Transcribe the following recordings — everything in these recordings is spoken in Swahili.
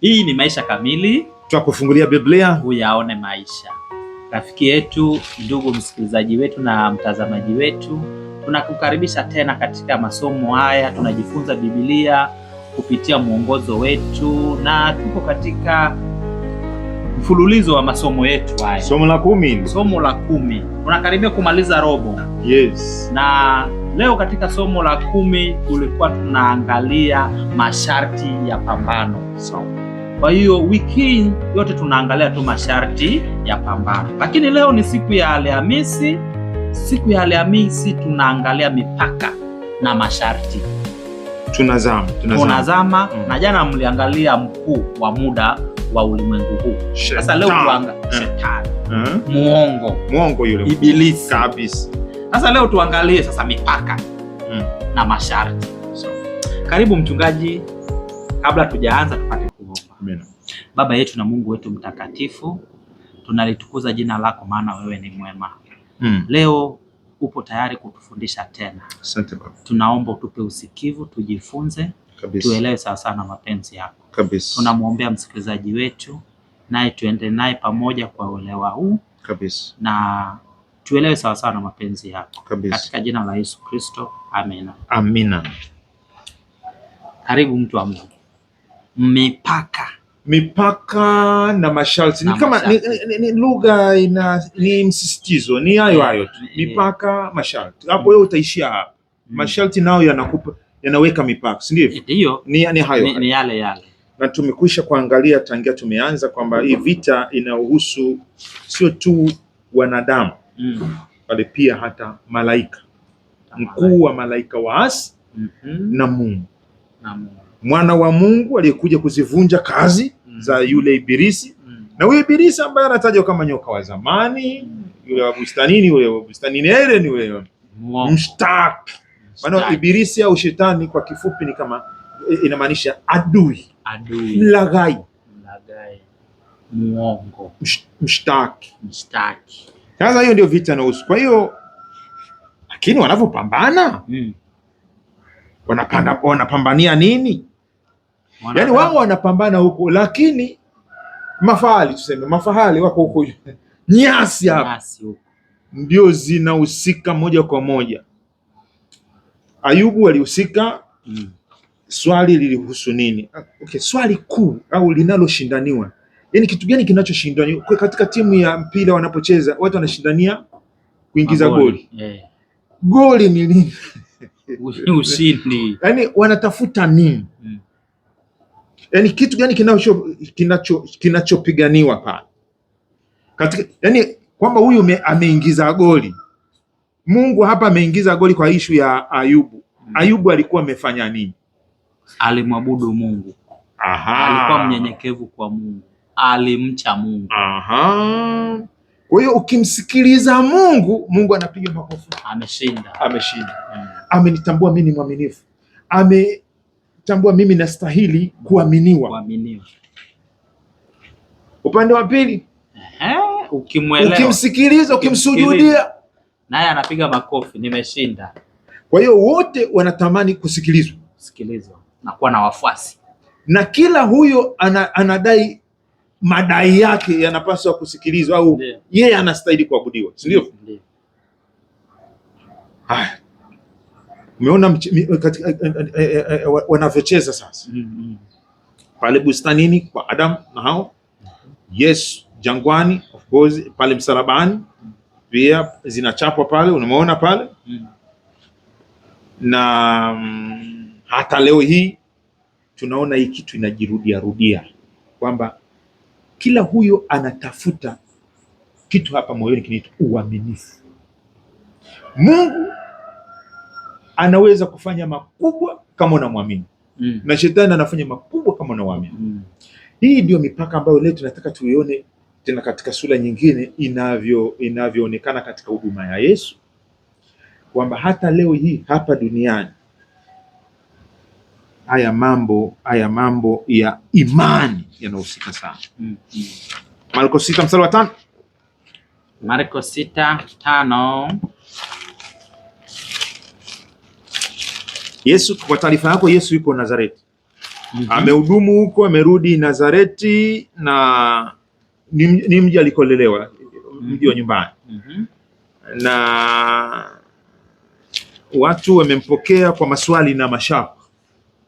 Hii ni Maisha Kamili, twakufungulia Biblia uyaone maisha. Rafiki yetu, ndugu msikilizaji wetu na mtazamaji wetu, tunakukaribisha tena katika masomo haya. Tunajifunza Biblia kupitia mwongozo wetu na tuko katika mfululizo wa masomo yetu haya, somo la kumi, somo la kumi. Tunakaribia kumaliza robo. Yes. Na leo katika somo la kumi tulikuwa tunaangalia masharti ya pambano. Sawa. Kwa hiyo wiki yote tunaangalia tu masharti ya pambano, lakini leo ni siku ya Alhamisi. Siku ya Alhamisi tunaangalia mipaka na masharti, tunazama tunazama, tunazama mm. na jana mliangalia mkuu wa muda wa ulimwengu huu. Sasa leo tuanga mm. shetani mm. muongo muongo yule ibilisi kabisa. Sasa leo tuangalie sasa mipaka mm. na masharti so. Karibu mchungaji, kabla tujaanza tupate Amina. Baba yetu na Mungu wetu mtakatifu, tunalitukuza jina lako, maana wewe ni mwema. Mm. Leo upo tayari kutufundisha tena. Asante baba. Tunaomba utupe usikivu, tujifunze kabisa, tuelewe sawa sana mapenzi yako kabisa. Tunamwombea msikilizaji wetu, naye tuende naye pamoja kwa uelewa huu kabisa, na tuelewe sawa sawa na mapenzi yako kabisa, katika jina la Yesu Kristo, amina. Amina. Karibu mtu wa Mungu mipaka mipaka na masharti ni kama ni, ni, ni lugha ina ni msisitizo ni hayo hayo tu mipaka masharti hapo wewe utaishia hapa mm. masharti nayo yanakupa yanaweka mipaka si ndivyo hiyo ni, ni hayo ni, ni yale yale na tumekwisha kuangalia tangia tumeanza kwamba hii vita inahusu sio tu wanadamu mm. bali pia hata malaika mkuu wa malaika waasi mm -hmm. na Mungu na Mungu mwana wa Mungu aliyekuja kuzivunja kazi mm. za yule Ibilisi mm. na huyo Ibilisi ambaye anatajwa kama nyoka wa zamani mm. yule wa bustanini, yule wa bustanini ni yule mshtaki. Maana Ibilisi au shetani kwa kifupi ni kama inamaanisha adui, adui, mlaghai, mlaghai, mwongo, mshtaki, mshtaki. Sasa hiyo ndio vita nausu. Kwa hiyo lakini wanavyopambana mm. wanapanda wanapambania nini? Yaani wao wanapambana huko lakini mafahali tuseme, mafahali wako huko nyasi hapa ndio zinahusika moja kwa moja. Ayubu alihusika mm. Swali lilihusu nini? Ah, okay, swali kuu au linaloshindaniwa, yani kitu gani kinachoshindaniwa katika timu ya mpira? Wanapocheza watu wanashindania kuingiza goli yeah. Goli ni nini? Ushindi, yaani wanatafuta nini? mm yani kitu gani kinacho kinacho kinachopiganiwa pale katika, yani kwamba huyu ameingiza goli. Mungu hapa ameingiza goli kwa ishu ya Ayubu. Mm. Ayubu alikuwa amefanya nini? Alimwabudu Mungu. Aha. Alikuwa mnyenyekevu kwa Mungu, alimcha Mungu. Aha. Kwa hiyo ukimsikiliza Mungu, Mungu anapiga makofi, ameshinda, ameshinda, mm. amenitambua mimi ni mwaminifu, ame tambua mimi nastahili kuaminiwa. Kuaminiwa. Upande wa pili, ukimwelewa, ukimsikiliza, ukimsujudia, naye anapiga makofi, nimeshinda. Kwa hiyo wote wanatamani kusikilizwa, sikilizwa na kuwa na wafuasi, na kila huyo ana, anadai madai yake yanapaswa kusikilizwa au yeye anastahili kuabudiwa, si ndio? Haya, Umeona eh, eh, eh, wanavyocheza sasa mm, mm. pale bustanini kwa Adam na hao, yes jangwani, of course pale msalabani pia zinachapwa pale, unaona pale mm. na hata leo hii tunaona hii kitu inajirudia rudia, kwamba kila huyo anatafuta kitu hapa moyoni kinaitwa uaminifu Mungu anaweza kufanya makubwa kama unamwamini mm. na shetani anafanya makubwa kama unamwamini mm. Hii ndio mipaka ambayo leo tunataka tuione tena katika sura nyingine inavyo inavyoonekana katika huduma ya Yesu, kwamba hata leo hii hapa duniani haya mambo haya mambo ya imani yanahusika sana mm. mm. Marko sita mstari wa tano Marko sita tano Yesu, kwa taarifa yako, Yesu yuko Nazareti. mm -hmm. Amehudumu huko, amerudi Nazareti na ni, ni mji alikolelewa, mji wa mhm. nyumbani. mm -hmm. na watu wamempokea kwa maswali na mashaka.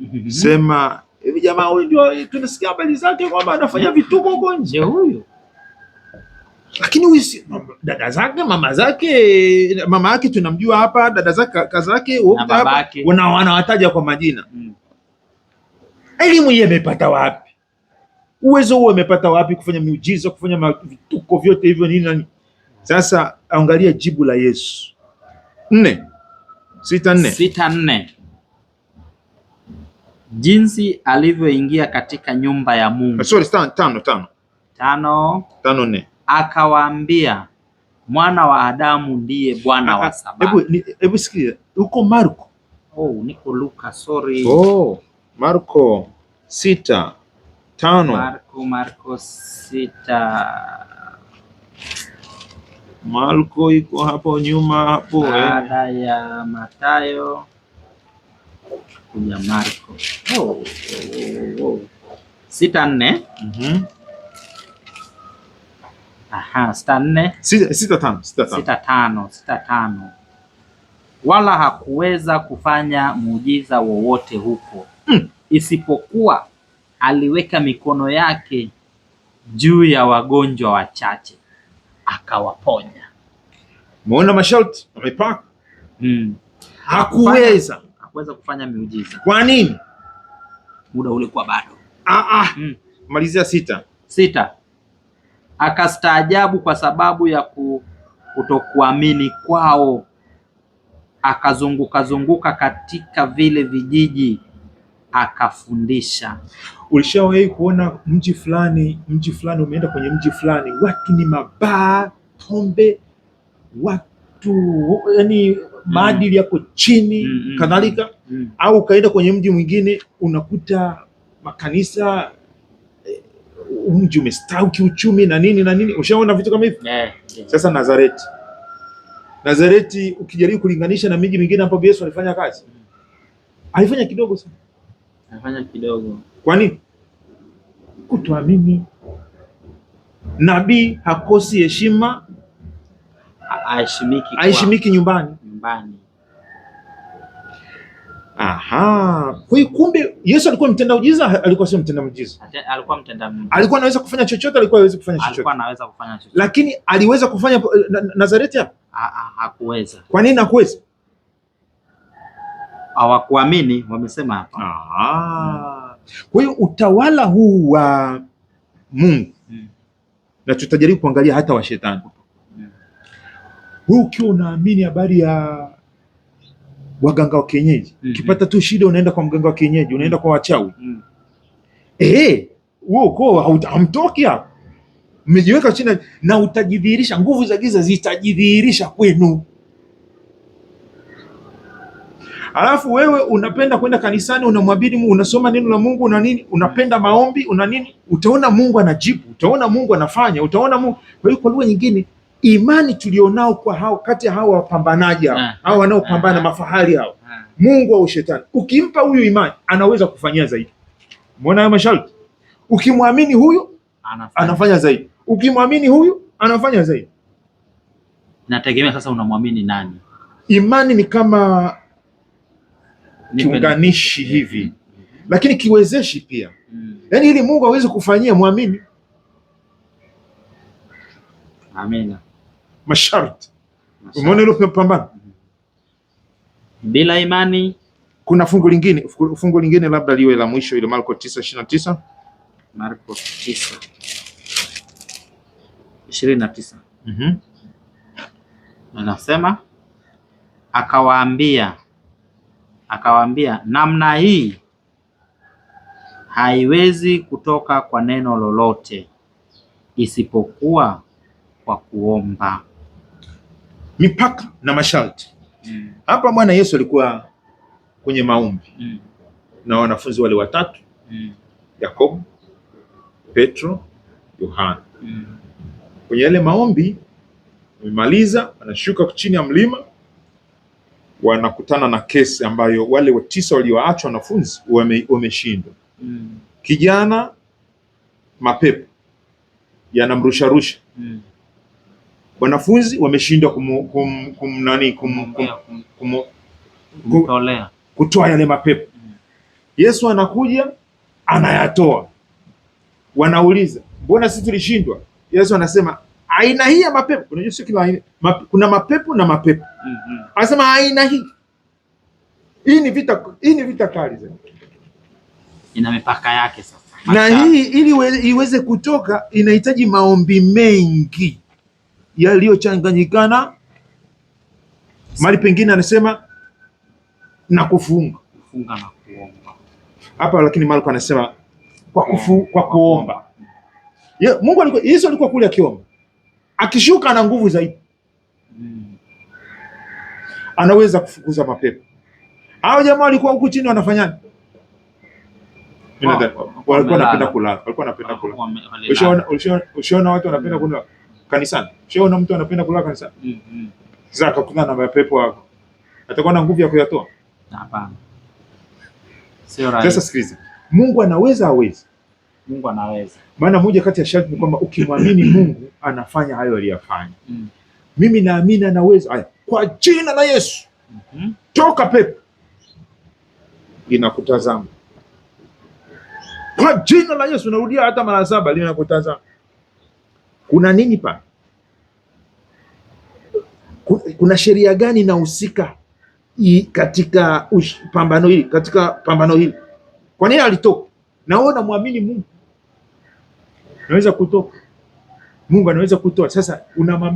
mm -hmm. Sema hivi, jamaa huyu ndio tunasikia habari zake kwamba anafanya vituko huko nje huyu lakini huyu dada zake mama zake mama yake tunamjua hapa, dada zake kaka zake wanawataja kwa majina mm. Elimu hii amepata wapi? Uwezo huo amepata wapi kufanya miujiza, kufanya vituko vyote hivyo nini nani? Sasa angalia jibu la Yesu nne sita nne sita nne jinsi alivyoingia katika nyumba ya Mungu. Sorry, tano tano tano tano nne akawaambia mwana wa Adamu ndiye Bwana wa sabato. Hebu sikia uko Marko. Oh, niko Luka, sorry. Oh, Marko sita tano. Marko, Marko sita Marko iko hapo nyuma hapo, eh. baada ya Matayo kuja Marko. Oh, oh, oh, oh. sita nne. mm -hmm. Aha, sita nne sita, sita tano, sita tano, sita tano, sita tano. Wala hakuweza kufanya muujiza wowote huko mm, isipokuwa aliweka mikono yake juu ya wagonjwa wachache akawaponya. Umeona masharti amepaka mm. Hakuweza hakuweza kufanya miujiza. Kwa nini? Muda ulikuwa bado. Ah, ah. Mm. Malizia sita sita akastaajabu kwa sababu ya kutokuamini kwao, akazunguka zunguka katika vile vijiji akafundisha. Ulishawahi kuona mji fulani, mji fulani umeenda kwenye mji fulani, watu ni mabaa, pombe, watu yani maadili yako chini mm -hmm. kadhalika mm -hmm. au ukaenda kwenye mji mwingine unakuta makanisa mji umestawi kiuchumi na nini na nini, ushaona vitu kama hivi yeah, yeah. Sasa Nazareti, Nazareti ukijaribu kulinganisha na miji mingine ambapo Yesu alifanya kazi, alifanya kidogo sana, alifanya kidogo. Kwa nini? Kutoamini. Nabii hakosi heshima, aheshimiki nyumbani, nyumbani. Aha. Kwa hiyo kumbe Yesu alikuwa mtenda ujiza, alikuwa sio mtenda mjiza? Alikuwa mtenda mjiza. Alikuwa anaweza kufanya chochote, alikuwa hawezi kufanya chochote. Alikuwa anaweza kufanya chochote. Lakini aliweza kufanya eh, Nazareti hapo? Hakuweza. Kwa nini hakuweza? Hawakuamini, wamesema hapa. Ah. Hmm. Kwa hiyo utawala huu wa Mungu hmm. Na tutajaribu kuangalia hata wa shetani. Wewe hmm. ukiwa unaamini habari ya waganga wa kienyeji mm -hmm. Ukipata tu shida unaenda kwa mganga wa kienyeji, unaenda kwa wachawi mm -hmm. Wewe ukoo hamtoki hapo, mmejiweka chini na utajidhihirisha, nguvu za giza zitajidhihirisha kwenu. Alafu wewe unapenda kwenda kanisani, unamwabidi Mungu, unasoma neno la Mungu, na nini, unapenda maombi, una nini, utaona Mungu anajibu, utaona Mungu anafanya, utaona Mungu. Kwa hiyo kwa lugha nyingine imani tulionao kwa hao kati ya hao wapambanaji hao ah, hao ah, wanaopambana ah, mafahari hao Mungu au shetani, ukimpa huyu imani anaweza kufanyia zaidi. Umeona hayo masharti? Ukimwamini huyu anafanya, anafanya zaidi. Ukimwamini huyu anafanya zaidi. Nategemea sasa unamwamini nani. Imani ni kama kiunganishi mm. hivi mm -hmm. Lakini kiwezeshi pia mm -hmm. Yaani ili Mungu aweze kufanyia mwamini. Amina masharti. Umeona ile pambano bila imani. Kuna fungu lingine, fungu lingine labda liwe la mwisho, ile Marko 9:29 Marko 9:29 mhm, anasema akawaambia, akawaambia namna hii haiwezi kutoka kwa neno lolote isipokuwa kwa kuomba mipaka na masharti mm. hapa. Mm. Bwana Yesu alikuwa kwenye maombi mm. na wanafunzi wale watatu mm. Yakobo, Petro, Yohana mm. kwenye yale maombi wamemaliza, wanashuka chini ya mlima, wanakutana na kesi ambayo wale tisa walioachwa wanafunzi wameshindwa. Mm. Kijana mapepo yanamrusharusha mm wanafunzi wameshindwa kum, kum, kum, nani kum, kum, kum, kum, kutoa yale mapepo. Yesu anakuja anayatoa, wanauliza mbona sisi tulishindwa? Yesu anasema aina hii ya mapepo, unajua sio kila aina kuna mapepo na mapepo mm -hmm. Anasema aina hii hii ni vita, hii ni vita kali zaidi, ina mipaka yake sasa, na hii ili iweze kutoka inahitaji maombi mengi yaliyochanganyikana. Mali pengine anasema na kufunga kufunga na kuomba hapa, lakini Marko anasema kwa kufu, kwa kuomba. Ye, Mungu alikuwa Yesu alikuwa kule akiomba, akishuka na nguvu zaidi, hmm. anaweza kufukuza mapepo. Hao jamaa walikuwa huku chini wanafanyani? Walikuwa wanapenda kulala, walikuwa wanapenda kulala. Ushaona watu wanapenda hmm. kulala kanisani. Ushaona mtu anapenda kulala kanisani? mm -hmm. Sasa akakutana na mapepo hapo, atakuwa na nguvu ya kuyatoa? Hapana, sio rahisi. Sasa sikilize, Mungu anaweza awezi Mungu anaweza, maana moja kati ya sharti ni kwamba ukimwamini Mungu anafanya hayo aliyofanya. mm. Mimi naamini anaweza. Haya, kwa jina la Yesu mm -hmm. toka pepo linakutazama kwa jina la Yesu, narudia hata mara saba, linakutazama kuna nini pa, kuna sheria gani inahusika katika ush, pambano hili katika pambano hili? Kwa nini alitoka? Na wewe unamwamini Mungu, naweza kutoka Mungu anaweza kutoa. Sasa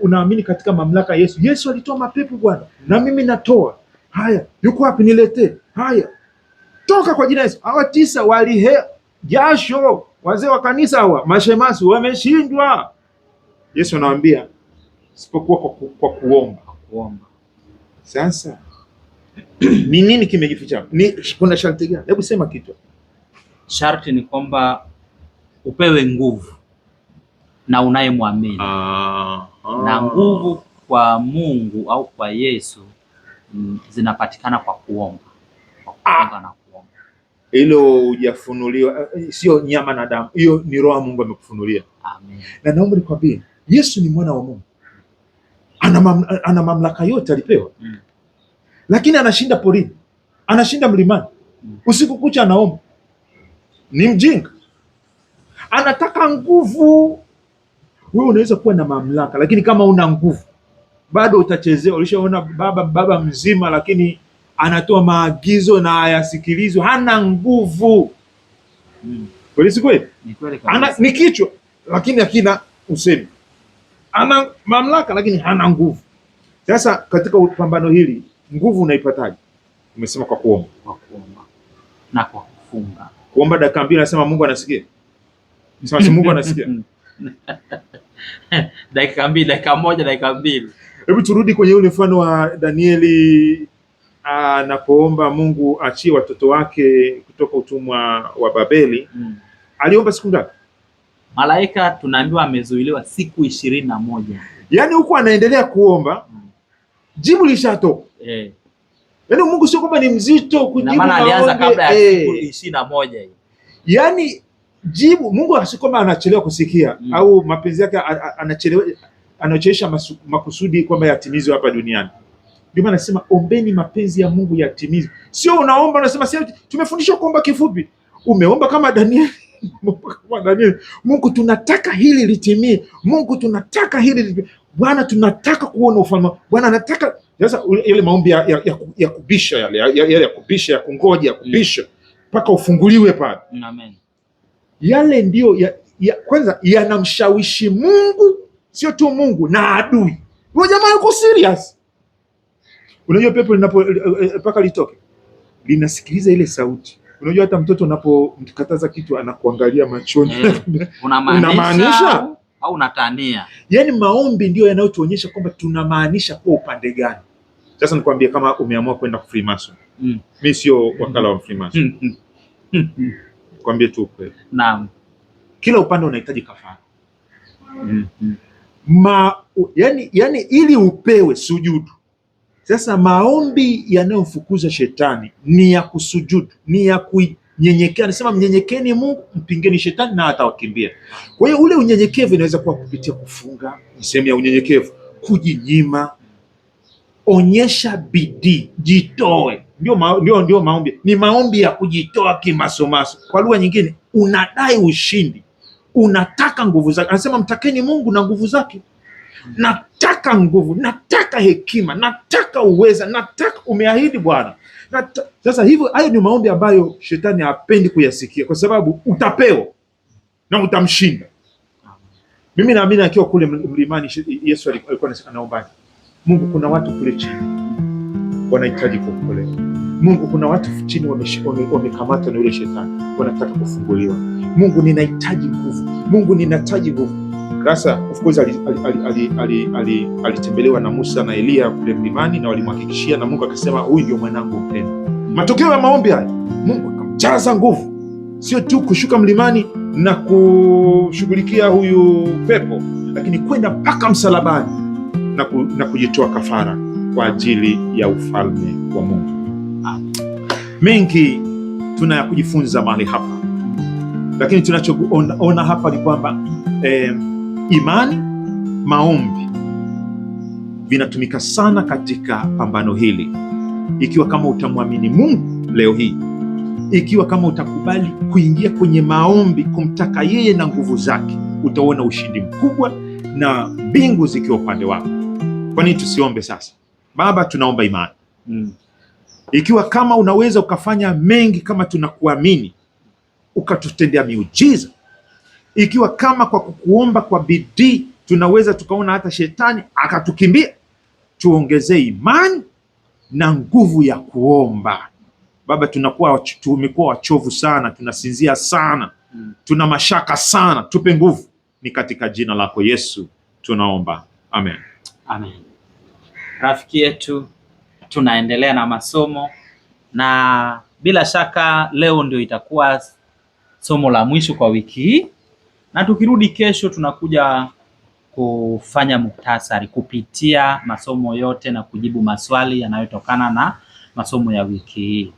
unaamini katika mamlaka ya Yesu. Yesu alitoa mapepo Bwana, na mimi natoa haya. Yuko wapi? Niletee haya, toka kwa jina Yesu. Hawa tisa walihe jasho, wazee wa kanisa hawa mashemasi wameshindwa. Yesu anawaambia sipokuwa kwa, ku, kwa kuomba. Kuomba. Sasa ni nini kimejificha? Ni kuna sharti gani? Hebu sema kitu. Sharti ni kwamba upewe nguvu na unayemwamini. Ah, ah. Na nguvu kwa Mungu au kwa Yesu mm, zinapatikana kwa kuomba. Kwa kuomba ah. na kuomba. Hilo hujafunuliwa, eh, eh, sio nyama na damu. Hiyo ni Roho Mungu amekufunulia. Amen. Na naomba nikwambie Yesu ni mwana wa Mungu, ana, mam, ana mamlaka yote alipewa mm. Lakini anashinda porini, anashinda mlimani mm. Usiku kucha anaomba, ni mjinga, anataka nguvu. Wewe unaweza kuwa na mamlaka, lakini kama una nguvu bado utachezewa. Ulishaona baba baba mzima, lakini anatoa maagizo na ayasikilizwe hana nguvu mm. Kweli si kweli? Ni kichwa lakini akina usemi ana mamlaka lakini hana nguvu. Sasa katika pambano hili nguvu unaipataje? Umesema kwa kuomba, kwa kuomba na kwa kufunga. Kuomba dakika mbili, anasema Mungu anasikia, nasema si Mungu anasikia dakika mbili, dakika moja, dakika mbili. Hebu turudi kwenye ule mfano wa Danieli anapoomba Mungu achie watoto wake kutoka utumwa wa Babeli. Mm. aliomba siku ngapi? malaika tunaambiwa amezuiliwa siku ishirini na moja yaani huku anaendelea kuomba jibu lishatoka eh. Yaani Mungu sio kwamba ni mzito kujibu, maana alianza kabla ya eh. siku ishirini na moja hii. Yaani jibu Mungu sio kwamba anachelewa kusikia mm. au mapenzi yake anachelewa anachelewesha makusudi kwamba yatimizwe hapa duniani. Ndio maana nasema ombeni mapenzi ya Mungu yatimizwe, sio unaomba unasema, sasa tumefundishwa kuomba kifupi, umeomba kama Danieli Mungu, tunataka hili litimie. Mungu, tunataka hili litimie. Bwana, tunataka kuona ufalme. Bwana, anataka sasa ile maombi ya, ya, ya, ya kubisha yale ya, ya, ya kubisha ya kungoja ya kubisha mpaka ufunguliwe pale. Amen. Yale ndiyo ya, ya, kwanza yanamshawishi Mungu, sio tu Mungu na adui. Huyo jamaa yuko serious. Unajua pepo linapo mpaka eh, eh, eh, litoke linasikiliza ile sauti Unajua hata mtoto unapomkataza kitu anakuangalia machoni mm. unamaanisha au unatania. Yaani maombi ndio yanayotuonyesha kwamba tunamaanisha kwa upande gani. Sasa nikwambie, kama umeamua kwenda Freemason mm. mi sio wakala wa Freemason mm, mm. kwambie tu kweli. Naam, kila upande unahitaji kafara mm. -hmm. ma, yani, yani ili upewe sujudu sasa maombi yanayomfukuza shetani ni ya kusujudu, ni ya kunyenyekea. Anasema mnyenyekeni Mungu, mpingeni shetani na atawakimbia. Kwa hiyo ule unyenyekevu inaweza kuwa kupitia kufunga, ni sehemu ya unyenyekevu, kujinyima, onyesha bidii, jitoe. Ndio, ma, ndio, ndio maombi ni maombi ya kujitoa kimasomaso. Kwa lugha nyingine, unadai ushindi, unataka nguvu zake. Anasema mtakeni Mungu na nguvu zake. Nataka nguvu, nataka hekima, nataka uweza, nataka umeahidi Bwana. Nata... Sasa hivyo, hayo ni maombi ambayo shetani hapendi kuyasikia, kwa sababu utapewa na utamshinda. Mimi naamini akiwa kule mlimani Yesu alikuwa anaomba, Mungu, kuna watu kule chini wanahitaji kuokolewa. Mungu, kuna watu chini wamekamatwa na yule shetani, wanataka kufunguliwa. Mungu, ninahitaji nguvu. Mungu, ninahitaji nguvu sasa of course alitembelewa na Musa na Eliya kule mlimani na walimhakikishia, na Mungu akasema huyu ndio mwanangu mpendwa. Matokeo ya maombi haya, Mungu akamjaza nguvu, sio tu kushuka mlimani na kushughulikia huyu pepo, lakini kwenda mpaka msalabani na, ku, na kujitoa kafara kwa ajili ya ufalme wa Mungu. Mengi tuna ya kujifunza mahali hapa, lakini tunachoona hapa ni kwamba eh, Imani, maombi vinatumika sana katika pambano hili. Ikiwa kama utamwamini Mungu leo hii, ikiwa kama utakubali kuingia kwenye maombi kumtaka yeye na nguvu zake, utaona ushindi mkubwa na mbingu zikiwa upande wako. Kwa nini tusiombe sasa? Baba, tunaomba imani mm. Ikiwa kama unaweza ukafanya mengi kama tunakuamini, ukatutendea miujiza ikiwa kama kwa kukuomba kwa bidii tunaweza tukaona hata shetani akatukimbia, tuongezee imani na nguvu ya kuomba. Baba, tunakuwa tumekuwa wachovu sana, tunasinzia sana, hmm. tuna mashaka sana, tupe nguvu. Ni katika jina lako Yesu tunaomba, amen, amen. Rafiki yetu, tunaendelea na masomo na bila shaka leo ndio itakuwa somo la mwisho kwa wiki hii na tukirudi kesho tunakuja kufanya muktasari kupitia masomo yote na kujibu maswali yanayotokana na masomo ya wiki hii.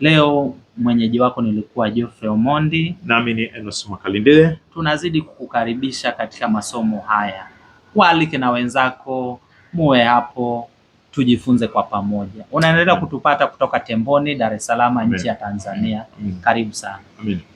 Leo mwenyeji wako nilikuwa Geoffrey Omondi, nami ni Enos Makalinde. Tunazidi kukukaribisha katika masomo haya, walike na wenzako, muwe hapo tujifunze kwa pamoja. Unaendelea kutupata kutoka Temboni, Dar es Salaam, nchi ya Tanzania. Amin. Karibu sana. Amin.